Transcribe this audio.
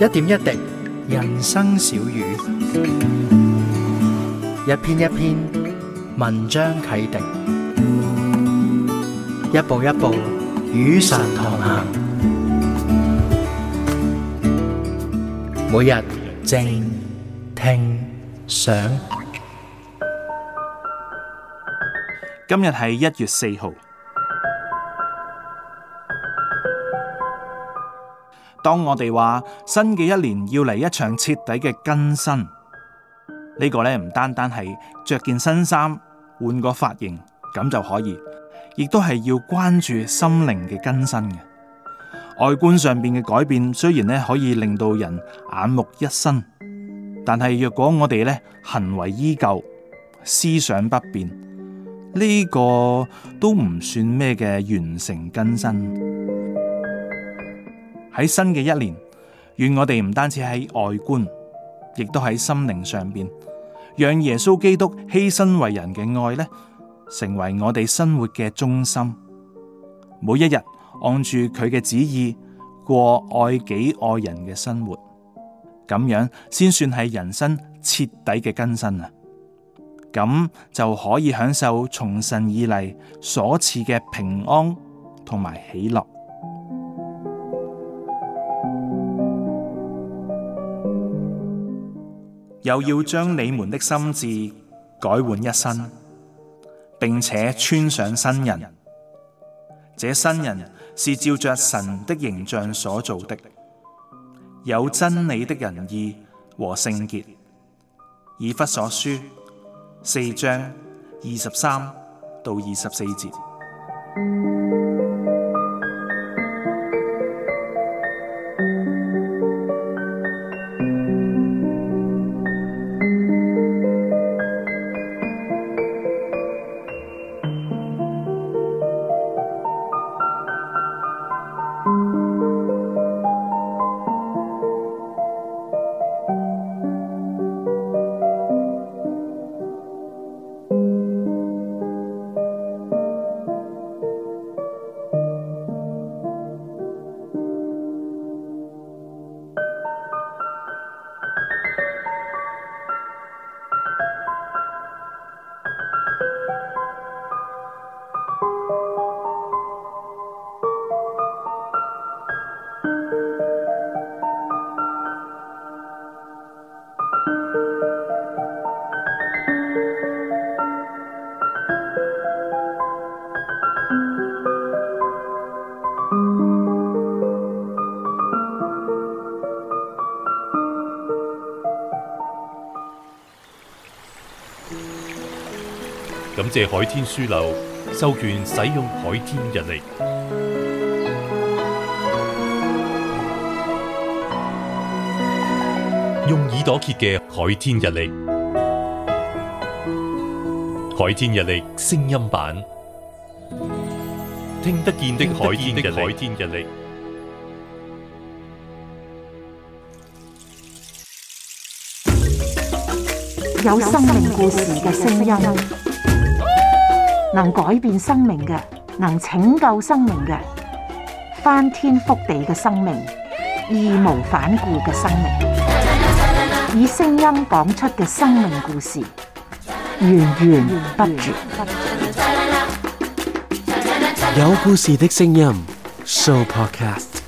一點一滴，人生小語；一篇一篇，文章啟迪；一步一步，雨傘同行。每日靜聽想，今日係一月四號。當我哋話新嘅一年要嚟一場徹底嘅更新，呢個咧唔單單係着件新衫，換個髮型咁就可以，亦都係要關注心靈嘅更新嘅。外觀上邊嘅改變雖然咧可以令到人眼目一新，但係若果我哋咧行為依舊、思想不變，呢個都唔算咩嘅完成更新。喺新嘅一年，願我哋唔單止喺外觀，亦都喺心靈上邊，讓耶穌基督犧牲為人嘅愛咧，成為我哋生活嘅中心。每一日按住佢嘅旨意，過愛己愛人嘅生活，咁樣先算係人生徹底嘅更新啊！咁就可以享受從神以嚟所持嘅平安同埋喜樂。又要將你們的心志改換一新，並且穿上新人。這新人是照着神的形象所造的，有真理的仁義和聖潔。以弗所書四章二十三到二十四節。感謝海天書樓授權使用海天日曆，用耳朵揭嘅海天日曆，海天日曆聲音版，聽得見的海天日曆，的海天日曆有生命故事嘅聲音。能改變生命嘅，能拯救生命嘅，翻天覆地嘅生命，義無反顧嘅生命，以聲音講出嘅生命故事，源源不絕。有故事的聲音，Sooo Podcast。